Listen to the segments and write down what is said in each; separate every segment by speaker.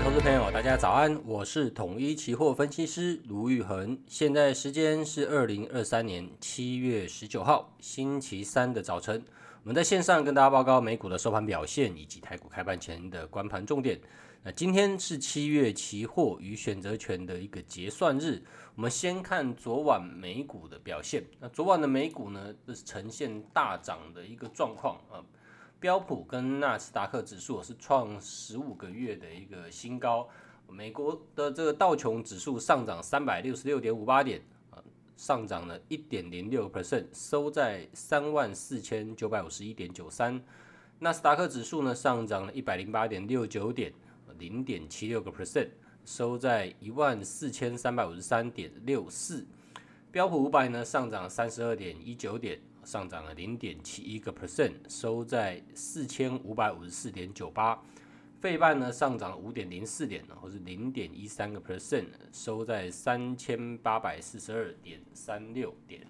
Speaker 1: 投資朋友，大家早安！我是統一期貨分析師盧昱衡，現在時間是二零二三年七月十九號星期三的早晨。我們在線上跟大家報告美股的收盤表現以及台股開盤前的觀盤重點。那今天是七月期貨與選擇權的一個結算日，我們先看昨晚美股的表現。那昨晚的美股呢，就是、呈現大漲的一個狀況啊。標普跟納斯達克指數是創十五個月的一個新高，美國的這個道瓊指數上漲三百六十六點五八點，上漲了一點零六個 percent，收在三萬四千九百五十一點九三。納斯達克指數呢，上漲了一百零八點六九點，零點七六個 percent，收在一萬四千三百五十三點六四。標普五百呢，上漲三十二點一九點。上漲了零點七一個 percent，收在四千五百五十四點九八。費半呢上漲了五點零四點，或是零點一三個 percent，收在三千八百四十二點三六點。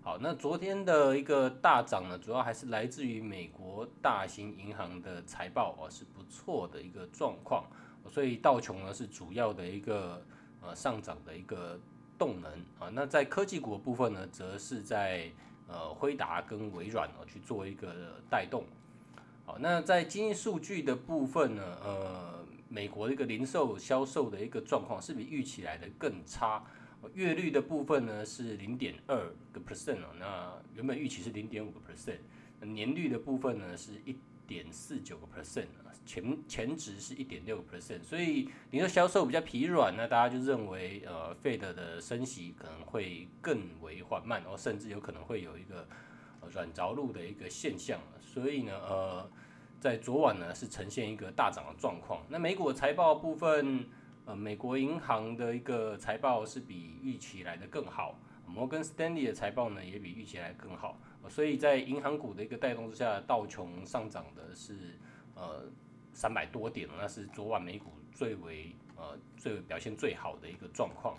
Speaker 1: 好，那昨天的一個大漲呢，主要還是來自於美國大型銀行的財報啊、哦，是不錯的一個狀況。所以道瓊呢是主要的一個呃上漲的一個動能啊、哦。那在科技股的部分呢，則是在。呃，輝達跟微軟呢、哦、去做一個帶動，好，那在經濟數據的部分呢，呃，美國的一個零售銷售的一個狀況是比預期來的更差，月率的部分呢是零點二個 percent 哦，那原本預期是零點五個 percent，年率的部分呢是一。點四九個 percent 啊，前前值是一點六個 percent，所以零售銷售比較疲軟，那大家就認為呃，Fed 的升息可能會更為緩慢，哦，甚至有可能會有一個軟着陸的一個現象。所以呢，呃，在昨晚呢是呈現一個大漲的狀況。那美國財報部分，呃，美國銀行的一個財報是比預期來的更好。摩根斯丹利的財報呢也比預期來更好，所以在銀行股的一個帶動之下，道瓊上漲的是呃三百多點，那是昨晚美股最為呃最為表現最好的一個狀況。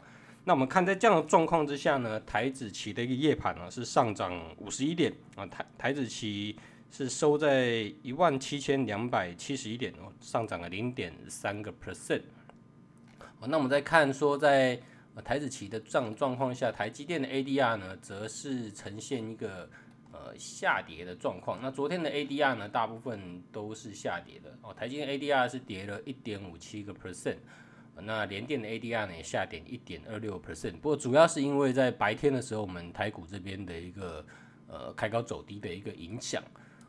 Speaker 1: 那我們看在這樣的狀況之下呢，台指期的一個夜盤呢、啊、是上漲五十一點啊，台台指期是收在一萬七千兩百七十一點，哦，上漲了零點三個 percent。那我們再看說在台子期的這狀況下，台積電的 ADR 呢，則是呈現一個呃下跌的狀況。那昨天的 ADR 呢，大部分都是下跌的哦。台積電 ADR 是跌了一點五七個 percent，那聯電的 ADR 呢，也下跌一點二六 percent。不過主要是因為在白天的時候，我們台股這邊的一個呃開高走低的一個影響。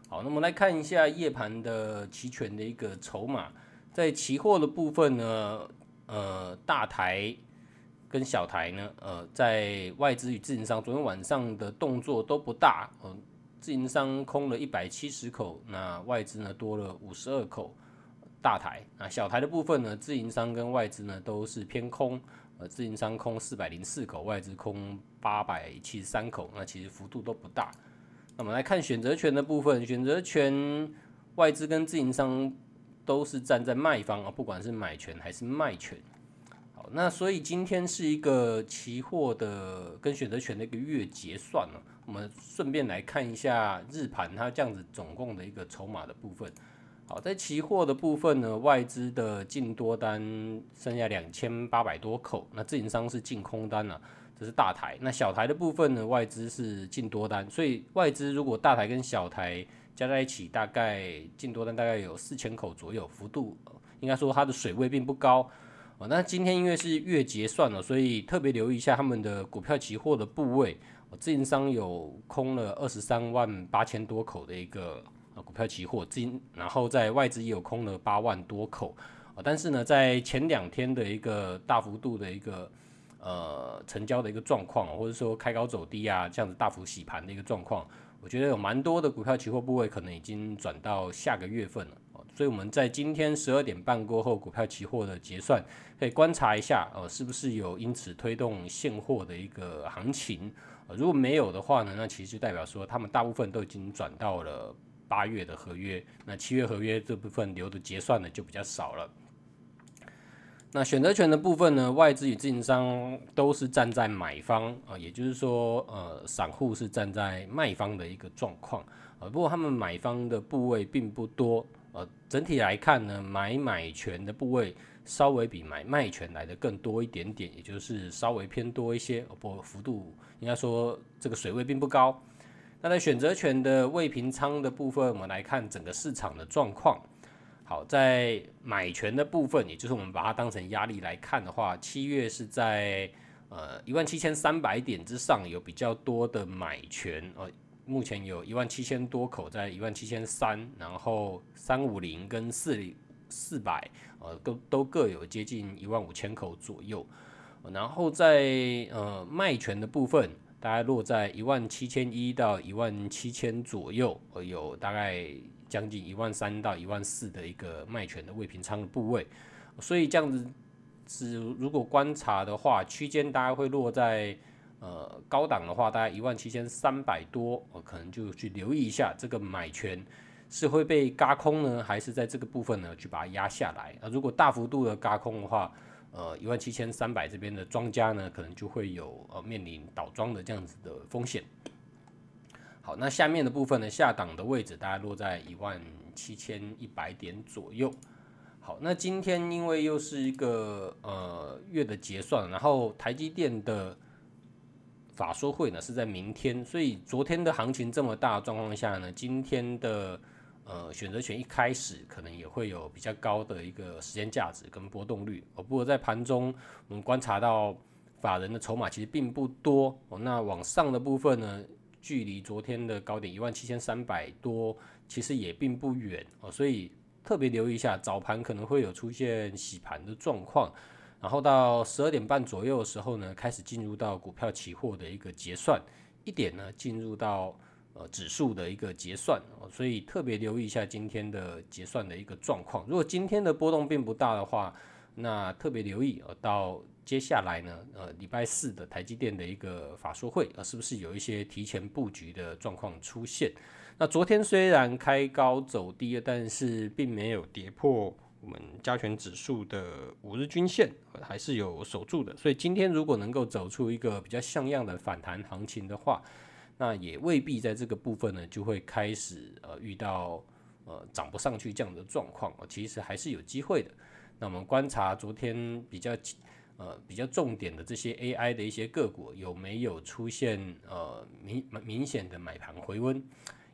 Speaker 1: 好，那麼來看一下夜盤的期權的一個籌碼。在期貨的部分呢，呃，大台。跟小台呢，呃，在外資與自營商昨天晚上的動作都不大，嗯、呃，自營商空了一百七十口，那外資呢多了五十二口大台，那小台的部分呢，自營商跟外資呢都是偏空，呃，自營商空四百零四口，外資空八百七十三口，那其實幅度都不大。那我們來看選擇權的部分，選擇權外資跟自營商都是站在賣方啊、呃，不管是買權還是賣權。那所以今天是一個期貨的跟選擇權的一個月結算了啊，我們順便來看一下日盤它這樣子總共的一個籌碼的部分。好，在期貨的部分呢，外資的淨多單剩下兩千八百多口，那自營商是淨空單啊，這是大台。那小台的部分呢，外資是淨多單，所以外資如果大台跟小台加在一起，大概淨多單大概有四千口左右，幅度應該說它的水位並不高。哦，那今天因為是月結算了，所以特別留意一下他們的股票期貨的部位。哦，自營商有空了二十三萬八千多口的一個股票期貨，然後在外資也有空了八萬多口，哦。但是呢，在前兩天的一個大幅度的一個呃成交的一個狀況，或者說開高走低啊，這樣子大幅洗盤的一個狀況，我覺得有蠻多的股票期貨部位可能已經轉到下個月份了，所以我們在今天十二點半過後股票期貨的結算，可以觀察一下呃，是不是有因此推動現貨的一個行情？如果沒有的話呢，那其實就代表說他們大部分都已經轉到了八月的合約，那七月合約這部分留的結算呢就比較少了。那選擇權的部分呢？外資與自營商都是站在買方啊、呃，也就是說，呃，散戶是站在賣方的一個狀況、呃、不過他們買方的部位並不多，呃，整體來看呢，買買權的部位稍微比買賣權來得更多一點點，也就是稍微偏多一些，不過幅度應該說這個水位並不高。那在選擇權的未平倉的部分，我們來看整個市場的狀況。好，在買權的部分，也就是我們把它當成壓力來看的話，七月是在呃一萬七千三百點之上有比較多的買權呃，目前有一萬七千多口在一萬七千三，然後三五零跟四零四百呃都都各有接近一萬五千口左右，然後在呃賣權的部分。大概落在一萬七千一到一萬七千左右，有大概將近一萬三到一萬四的一個賣權的未平倉的部位，所以這樣子是如果觀察的話，區間大概會落在呃高檔的話，大概一萬七千三百多，我、呃、可能就去留意一下這個買權是會被軋空呢，還是在這個部分呢去把它壓下來？那、呃、如果大幅度的軋空的話，呃，一萬七千三百這邊的莊家呢，可能就會有呃面臨倒莊的這樣子的風險。好，那下面的部分呢，下檔的位置大概落在一萬七千一百點左右。好，那今天因為又是一個呃月的結算，然後台積電的法說會呢是在明天，所以昨天的行情這麼大的狀況下呢，今天的。呃、嗯，選擇權一開始可能也會有比較高的一個時間價值跟波動率哦。不過在盤中，我們觀察到法人的籌碼其實並不多哦。那往上的部分呢，距離昨天的高點一萬七千三百多，其實也並不遠哦。所以特別留意一下，早盤可能會有出現洗盤的狀況。然後到十二點半左右的時候呢，開始進入到股票期貨的一個結算。一點呢，進入到。呃，指數的一個結算，呃、所以特別留意一下今天的結算的一個狀況。如果今天的波動並不大的話，那特別留意呃，到接下來呢，呃，禮拜四的台積電的一個法說會，啊、呃，是不是有一些提前布局的狀況出現？那昨天雖然開高走低，但是並沒有跌破我們加權指數的五日均線，呃，還是有守住的。所以今天如果能夠走出一個比較像樣的反彈行情的話，那也未必在這個部分呢，就會開始呃遇到呃漲不上去這樣的狀況啊，其實還是有機會的。那我們觀察昨天比較呃比較重點的這些 AI 的一些個股，有沒有出現呃明明顯的買盤回溫？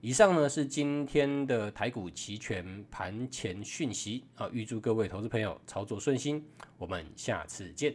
Speaker 1: 以上呢是今天的台股期權盤前訊息啊，呃，預祝各位投資朋友操作順心，我們下次見。